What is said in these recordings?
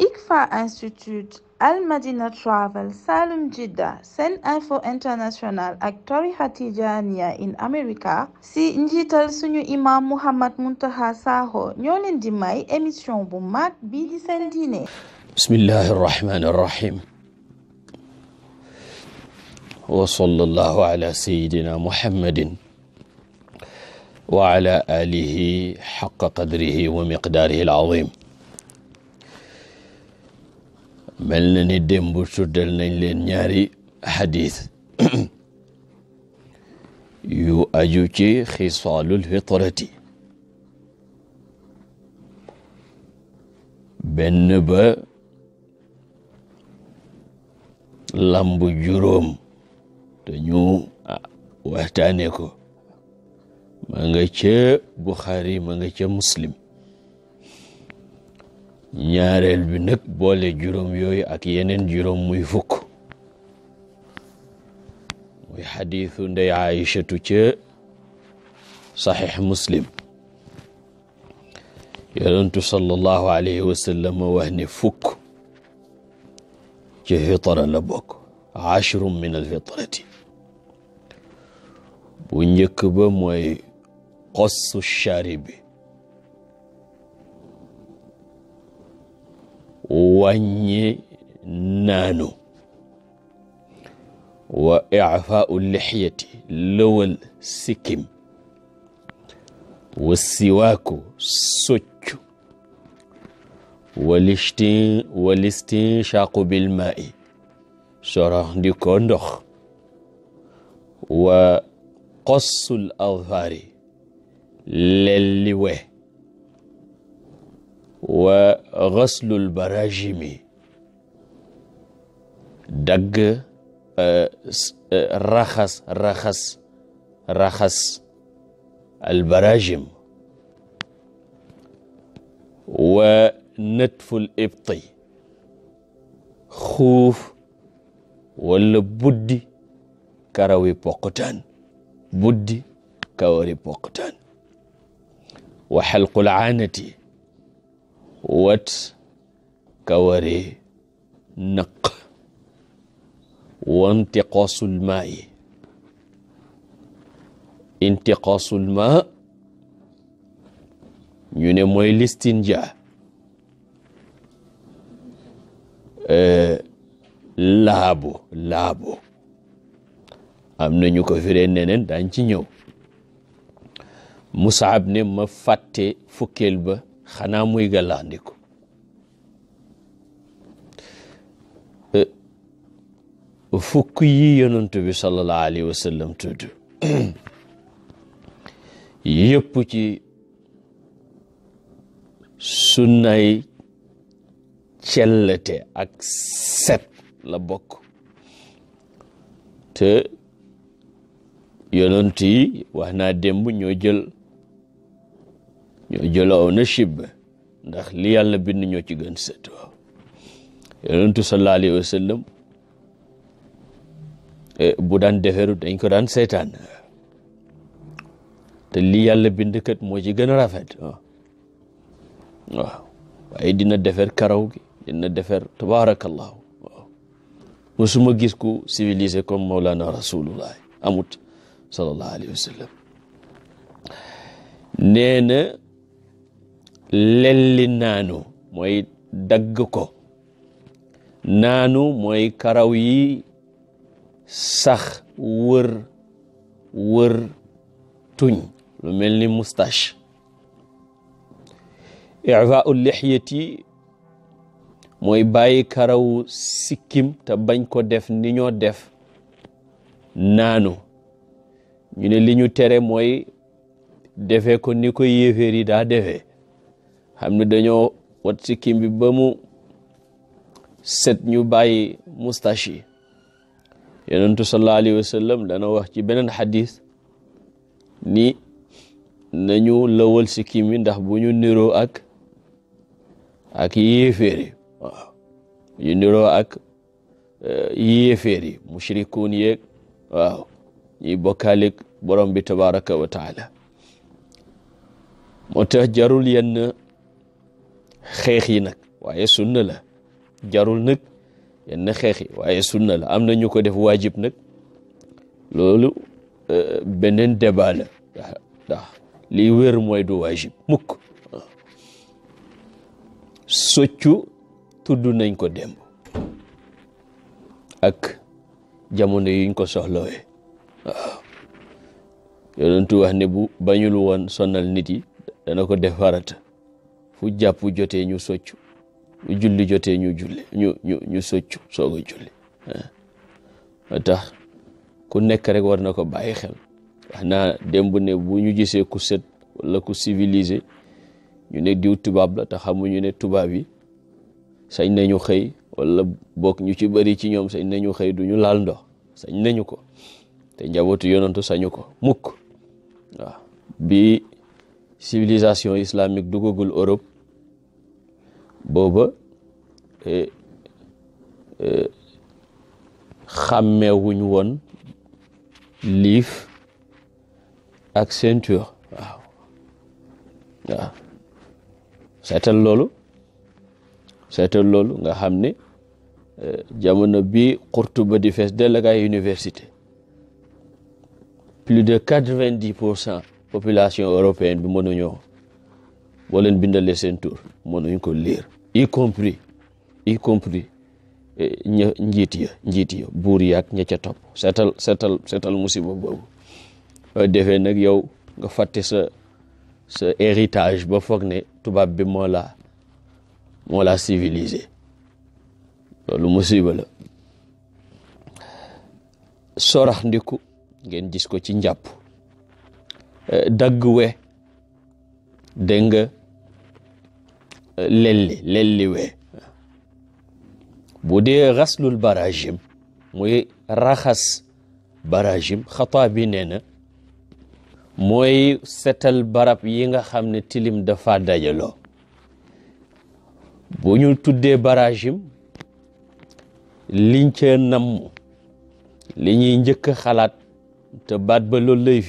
ICFA Institute Al Madina Travel Salum Jidda Sen Info International ak tarixa in America si njiital suñu imam Mouhammad Muntaqa Sakho ñoo leen di bu mag bii di seen diine bismillahi arrahmani arrahim wa sallallahu ala sayidina muhammadin mel na ni démb tuddal nañ leen ñaari xadis yu aju ci xisaalul fitrati benn ba lamb juróom te ñu waxtaane ko ma nga ca Buxaari ma nga ca Muslim ñaareel bi nag boole juróom yooyu ak yeneen juróom muy fukk muy xadiisu ndey aïchatu ca saxiix muslim yonentu sallallahu alayhi wa sallam wax ne fukk ci fitra la bokk ashrum min alfitrati bu njëkk ba mooy qossu sharibi wàññi naanu wa ifaau lixyati lëwal sikkim wa siwaaku soccu walistin walistinshaqu bilmaai sorox ndi ko ndox wa qossul azfaari lelli we wa ghaslul barajimi dagg uh, uh, raxas raxas raxas albarajim wa natful ibti xuuf wala buddi karawi poqotaan buddi kawari poqotaan wa xalqul aanati wat kawari nëq wa intiqaasul maa yi intiqaasul maa ñu ne mooy listinja eh, laabu laabu am na ñu ko firee neneen daañ ci ñëw Musaab ne ma fàtte fukkeel ba xanaa muy gàllaxndiku eh, fukk yi yonent bi sallallahu alayhi wa sallam tudd yëpp ci sunnay cellete ak set la bokk te yonent yi wax naa démb ñoo jël ñoo jël ownership ndax li yàlla bind ñoo ci gën sët waaw yonentu sallallahu alayhi wa sallam e, bu daan deferu dañ ko daan seetaan te li yàlla bind kat moo ci gën a rafet waaw waaw waaye dina defer karaw gi dina defer tabarakallahu waaw musuma gis ku civilisé comme Mawlana Rasulullah amut sallallahu alayhi wa sallam lelli naanu mooy dagg ko naanu mooy karaw yi sax wër wër tuñ lu mel ni moustache i'faa'u lihyati mooy bàyyi karawu sikkim te bañ ko def ni ñoo def naanu ñu ne li tere mooy defe ko ni ko yéeféer yi daa xam ne dañoo wat sikkim bi ba mu set ñu bàyyi moustache yi yonentu sallallahu alayhi wa sallam dana wax ci beneen xadis ni nañu lëwal sikkim bi ndax bu ñu niroo ak ak yéeféer yi waaw bu ñu niroo ak eh, yéeféer yi mushrikuun yeeg waaw ñuy bokkaaleeg borom bi tabaraka wa taala jarul yenn xeex yi nag waaye sunna la jarul nag yenn xeex yi waaye sunna la am na ñu ko def waajib nag loolu euh, beneen débat lii ndax wér mooy du waajib mukk soccu tudd nañ ko démb ak jamono yuñ ko soxlawee waaw yonentu wax ne bañul woon sonal nit yi dana ko def farata fu jàpp jotee ñu soccu fu julli jotee ñu julli ñu ñu ñu soccu soog a julli moo ah. tax ku nekk rek war na ko bàyyi xel wax naa démb ne bu ñu gisee ku set wala ku civilisé ñu ne diw tubaab la te xamuñu ne tubaab yi sañ nañu xëy wala bokk ñu ci bëri ci ñoom sañ nañu xëy ñu laal ndox sañ nañu ko te njabootu yonantu sañu ko mukk waaw bi civilisation islamique dugagul Europe booba e, e, xàmmeewuñ woon liif ak ceinture waaw waaw seetal loolu seetal loolu nga xam ne jamono bi Qurtuba di fees dell ak ay université plus de quatre-vingt-dix pour cent population européenne bi mënuñoo boo leen bindale seen tur mënuñ ko liir y compris y compris eh, njiit ya njiit ya buur yaag ña ca top seetal seetal seetal musiba boobu defee nag yow nga fàtte sa sa héritage ba foog ne tubaab bi mola la moo la civilisé loolu ndiku ngeen gis ko ci njàpp eh, lelli lelli wee bu dee xaslul barajim muy raxas barajim xataa bi nee na mooy setal barab yi nga xam ne tilim dafa dajaloo bu ñu tuddee barajim liñ ca namm li ñuy njëkk xalaat te baat ba loolu lay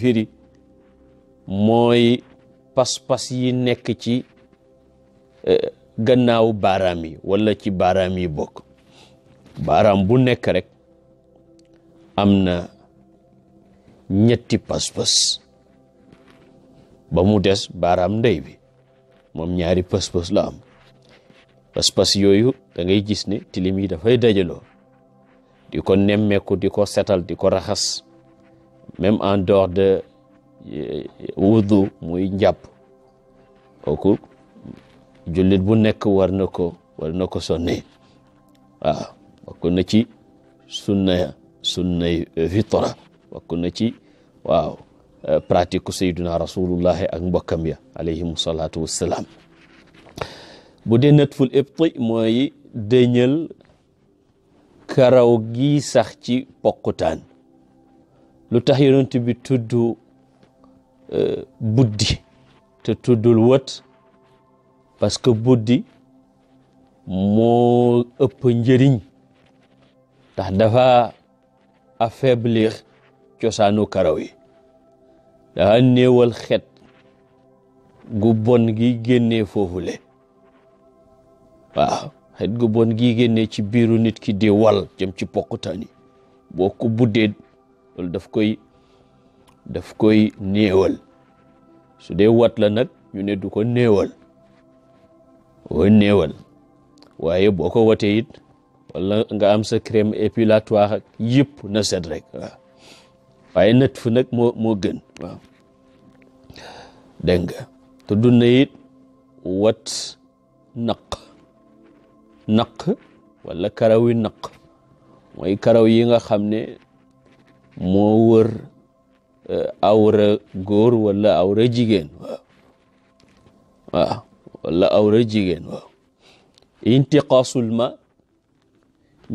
mooy pas-pas yi nekk ci gannaaw baaraam yi wala ci baaraam yi bokk baaraam bu nekk rek am na ñetti pas-pas ba mu des baaraam ndey bi moom ñaari pas-pas la am pas-pas yooyu da ngay gis ne tilim yi dafay dajaloo di ko nemmeeku di ko setal di ko raxas même en dehors de euh, wudu muy njàpp kooku jullit bu nekk war na ko war na ko sonne waaw bokk na ci sunna sunnay fitra bokk na ci waaw eh, pratique sayyiduna rasulullahi ak mbokkam ya alayhim salaatu wassalaam bu dee natful ibti mooy dëñal karaw gi sax ci pokkutaan lu tax yonent bi tudd eh, buddi te tuddul wët parce que buddi moo ëpp njëriñ tax dafa affaiblir cosaanu karaw yi dafa néewal xet gu bon gi génnee foofule waaw gu bon gi génnee ci biiru nit ki di wal jëm ci pokkutaan yi boo ko buddee daf koy daf néewal su dee wat la nag ñu ne du ko néewal woo néewal waaye boo ko wotee it wala nga am sa crème épilatoire ak na set rek waaw waaye nët fu nag moo moo gën nga tudd na it wat naq naq walla karaw yi naq mooy karaw yi nga xam ne moo wër eh, awra góor wala awra jigéen waaw wala awra jigéen waaw intiqaasul ma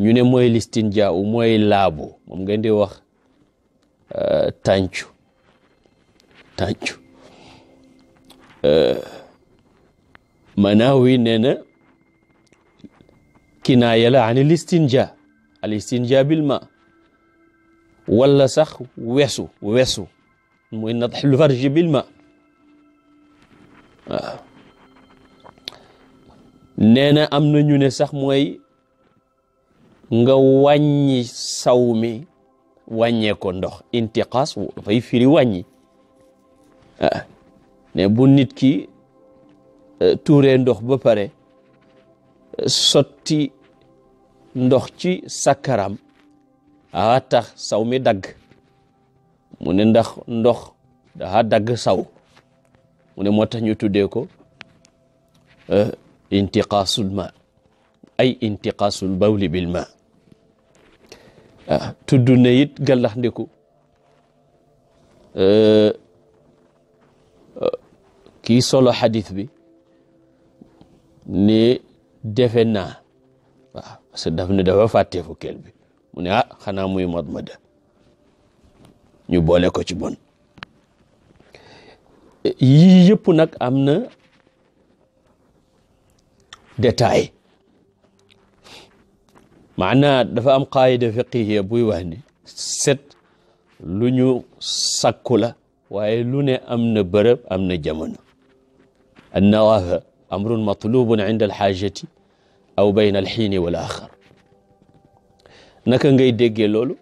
ñu ne mooy listinjaa u mooy laabu moom geen di wax euh, tàncu tàncu euh, Manaawi nee na kinaaya la an listinja al istinja bil ma wala sax wesu wesu muy natax lu farji bil ma nee na am na ñu ne sax mooy nga wàññi saw mi wàññee ko ndox intiqaas dafay firi wàññi ah ne bu nit ki eh, ture ndox ba pare eh, sotti ndox ci sakaram a tax saw mi dagg mu ne ndax ndox daa dagg saw mu ne moo tax ñu tuddee ko eh, intiqaasul ma ay intiqaasul bawli bil ma ah, tudd na it gàllax ndiku eh, eh, kii solo xadis bi ni defe na waaw parce que daf ne dafa fàtte fukkeel bi mu ne ah xanaa muy madmada ñu boole ko ci bon eh, yii yëpp am na détaillé maanaa dafa am qaayida fiqihiya buy wax ni set lu ñu sakku la waaye lu ne am na bërëb am na jamono annawaaha amrun matlubun inda alxaajati aw bayna alxiini wal axar naka ngay déggee loolu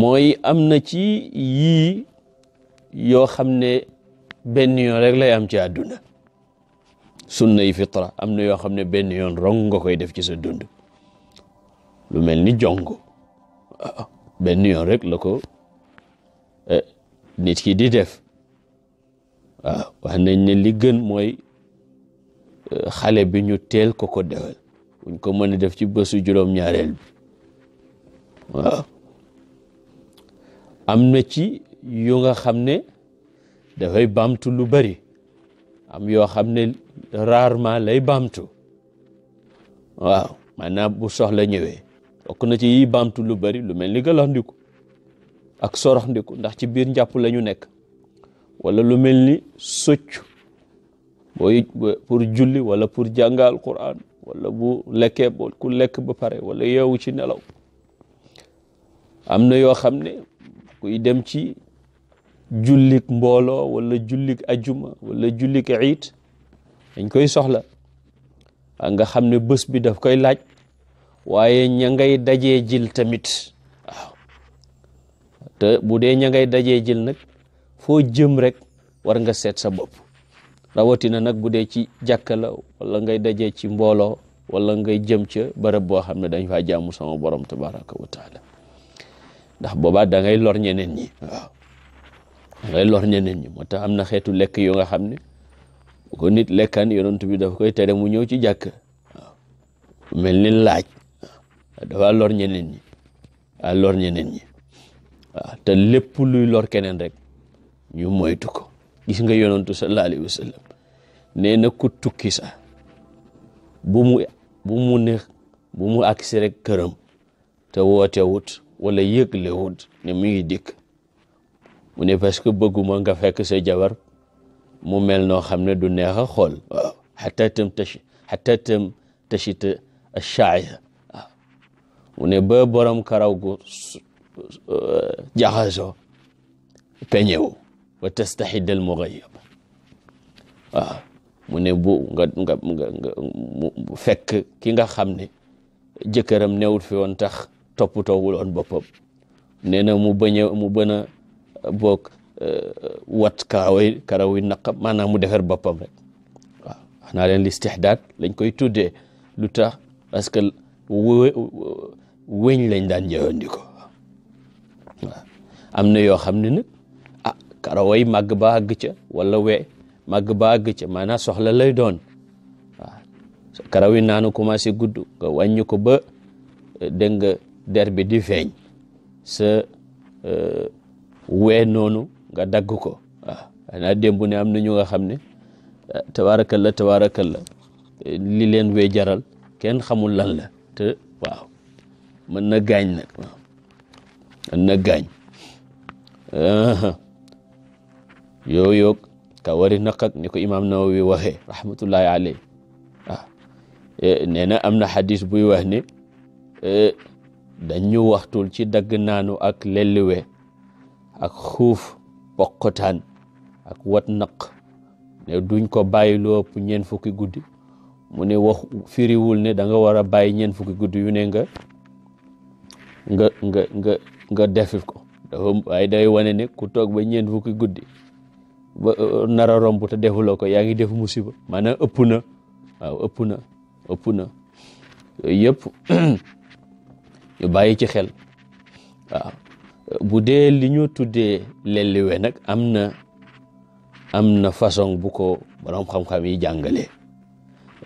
mooy am na ci yii yoo xam ne benn yoon rek lay am ci àdduna sunna yi fitra am na yoo xam ne benn yoon rong nga koy def ci sa dund lu mel ni jongo ah, benn yoon rek la ko eh, nit ki di def a ah, wax nañ ne li gën mooy eh, xale bi ñu teel ko ko defal buñ ko mën a def ci bésu juróom-ñaareel bi am na ci yu nga xam ne dafay baamtu lu bari am yoo xam ne rarement lay baamtu waaw maanaam bu soxla ñëwee bokk na ci yi baamtu lu bari lu mel ni galaxndiku ak soroxndiku ndax ci biir njàpp la nekk wala lu mel ni socc booy pour julli wala pour jàngal Qur'an wala bu lekkee bo ku lekk ba pare wala yeewu ci nelaw am na yoo xam ne kuy dem ci jullik mbooloo wala jullik ajuma wala jullik iit dañ koy soxla nga xam ne bës bi daf koy laaj waaye ña ngay dajee jil tamit te bu dee ña ngay dajee jil nag foo jëm rek war nga seet sa bopp rawatina nag bu dee ci jàkka la ngay dajee ci mbooloo wala ngay jëm ca bërëb boo xam ne dañ faa jaamu sama borom tabaraka wa ndax boobaa dangay lor ñeneen ñi waaw lor ñeneen ñi moo am na xeetu lekk yu nga xam ne bu ko nit lekkan yonent bi daf koy tere mu ñëw ci jàkk mel ni laaj dafa lor ñeneen ñi a lor ñeneen ñi waaw te lépp luy lor keneen rek ñu moytu ko gis nga yonentu sallallahu alayhi wa sallam na ku tukki sax bu mu bu mu ne bu mu agsi rek këram te woote wut wala yëgle wut mu ngi dikk mu ne parce que bëgguma nga fekk sa jabar mu mel noo xam ne du neex a xool waaw xata tam tashi xata tam tashita shaaya waaw mu ne ba borom kara gu jaxasoo peñewu wa tastahid al mughayyab waaw mu ne bu fekk ki nga xam ne jëkkëram newul fi woon tax toppatoowul woon boppam nee na mu bañ mu bën a boog Uh, wat karaway karawi naqam maanaam mu defar boppam rek waaw wax naa leen listihdaad lañ koy tuddee lu tax parce que weñ lañ daan jëfandikoo waaw am na yoo xam ne nag ah karaway màgg ba àgg ca wala we màgg ba àgg ca maanaam soxla lay doon waaw karaw yi naanu commencé gudd nga wàññi ko ba eh, dégg nga der bi di feeñ sa eh, wee noonu nga dagg ko waaw xanaa am na ñu nga xam ne tabaarakalla eh, tabaarakalla eh, li leen wee jaral kenn xamul lan la te waaw na gaañ nag waaw mën na gaañ yoo yoog ka wari naqak ni ko imaam Nawawi waxee rahmatullahi alayhi waaw ah, eh, na am na xadis buy wax ne dañu waxtul ci dagg naanu ak lelliwe ak xuuf poqotaan ak wat naq ne duñ ko bàyyi lu ëpp ñeen fukki guddi mu ne wax firiwul ne danga nga war a bàyyi ñeen fukki guddi yu ne nga nga nga nga nga defit ko waaye day wane ne ku toog ba ñeen fukki guddi ba uh, uh, nar a romb ko yaa ngi def musiba maanaam ëpp na waaw ëpp na ëpp na yooyu ci xel bu dee li ñu tuddee lelliwe nag am na am na façon bu ko borom xam-xam yi jàngalee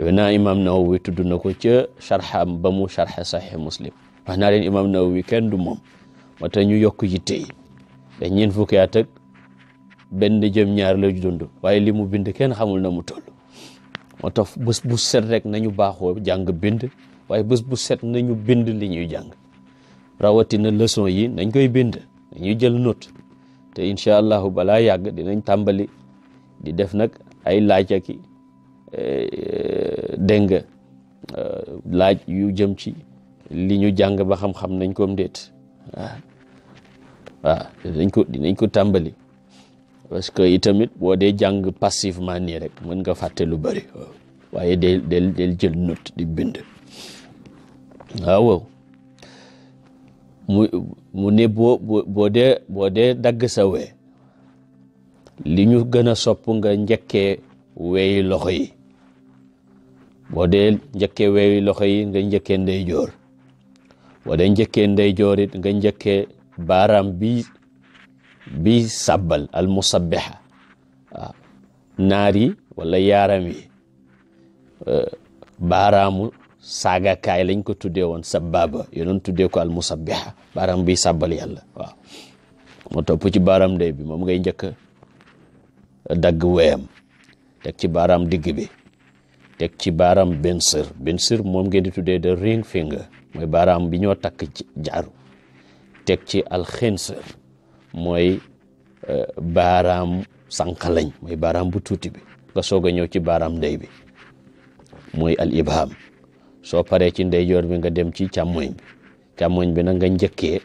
we naa imam Nawawi tudd na ko ca charxam ba mu charxe saxi muslim wax naa leen imam Nawawi kenn du moom moo tax ñu yokk yitte yi te ñeent fukki at ak benn jëm ñaar la dund waaye li mu bind kenn xamul na mu toll moo tax bés bu set rek na nañu baaxoo jàng bind waaye bés bu set nañu bind li ñuy jàng rawatina leson yi nañ koy bind dañuy jël not te incha allahu balaa yàgg dinañ tàmbali di def nag ay laaj aki eh, dégg nga eh, laaj yu jëm ci li ñu jàng ba xam-xam nañ ko déet waaw waaw dinañ ko dinañ ko tàmbali parce que itamit boo dee jàng passivement nii rek mën nga fàtte lu bëri waaye del jël not di bind waaw mu mu boo dee boo dagg sa we li ñu gën a sopp nga njëkkee weyi loxo yi boo dee njëkkee weyi loxo yi nga njëkkee ndeyjoor boo dee njëkkee ndeyjoor it nga njëkkee baaraam bi bi sàbbal al musabbiha waaw naar yi wala yaaram yi euh, saagakaay lañ ko tuddee woon sababa yoonoon tuddee ko al musabbiha bi biy sàbbal yàlla waaw moo topp ci baaraam day bi moom ngay njëkk dagg weyam teg ci baaraam digg bi teg ci baaraam bensir bensir moom ngeen di tuddee de ring finger mooy baaraam bi ñoo takk jaaru teg ci alxinsir mooy eh, baaraam sànqalañ mooy baaraam bu tuuti bi nga soog a ñëw ci baaraam ndey bi mooy al ibham soo paree ci ndeyjoor bi nga dem ci càmmoñ bi càmmoñ bi nag nga njëkkee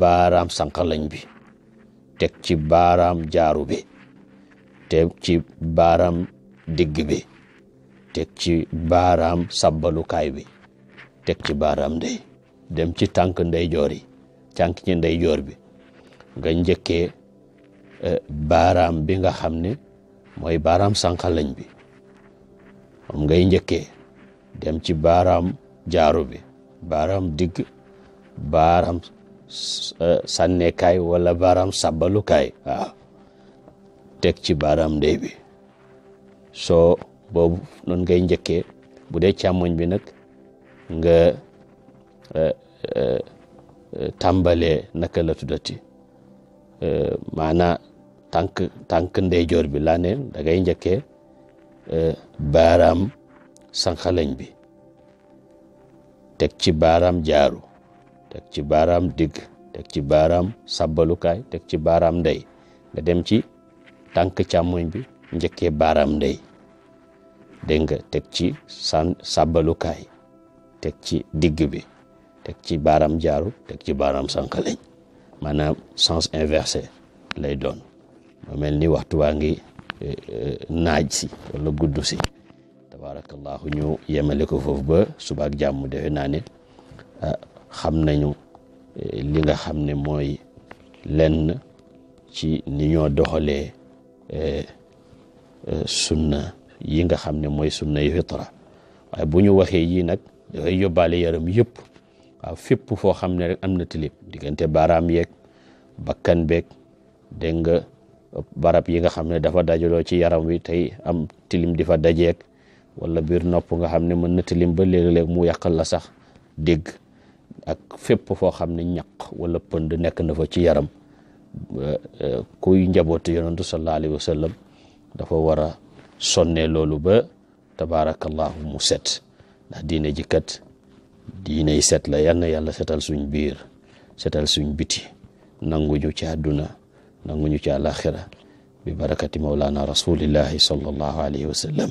baaraam sànqalañ bi teg ci baaraam jaaru bi teg ci baaraam digg bi teg ci baaraam sabbalukaay bi teg ci baaraam ndey dem ci tànk ndeyjoor yi tànk ci ndeyjoor bi nga njëkkee eh, baaraam bi nga xam ne mooy baaraam sànqalañ bi moom ngay njëkkee dem ci baaraam jaaru bi baaraam digg baaraam sànnekaay wala baaraam sàbbalukaay waaw teg ci baaraam ndey bi soo boobu noonu ngay njëkkee bu dee càmmoñ bi nag nga eh, eh, eh, tàmbalee naka la tuddati maanaa tànk tànk ndeyjoor bi laa ne da ngay njëkkee baaraam sànqaleñ bi teg ci baaraam jaaru teg ci baaraam digg teg ci baaraam sàbbalukaay teg ci baaraam ndey nga dem ci tànk càmmoñ bi njëkkee baaraam ndey dégg nga teg ci san sàbbalukaay teg ci digg bi teg ci baaraam jaaru teg ci baaraam sànqaleñ maanaam sens inversé lay doon mu mel ni waxtu waa ngi eh, eh, naaj si wala gudd si tabaarakallaahu ñu yemale ko foofu ba suba ak jàmm defe naa ne ah, xam nañu eh, li nga xam ne mooy lenn ci ni ñoo doxalee eh, eh, sunna yi nga xam ne mooy sunna yu fitra waaye bu ñu waxee yii nag dafay yóbbaale yaram yëpp waaw fépp foo xam ne rek am na tilib diggante baaraam yeeg bakkan beeg dégg nga barab yi nga xam ne dafa dajaloo ci yaram wi tey am tilim di fa dajeeg wala biir nopp nga xam ne mën na tilim ba léeg mu yàqal la sax dégg ak fépp foo xam ne ñaq wala pënd nekk na fa ci yaram e, kuy njabootu yonantu sallallahu alayhi wa dafa war a sonne loolu ba tabaarakallahu mu set ndax diine ji kat diine yi set la yal na yàlla setal suñ biir setal suñ biti nanguñu ci àdduna nanguñu ci àlaxira bi barakati maulana rasulillahi sallallahu alayhi wa sallam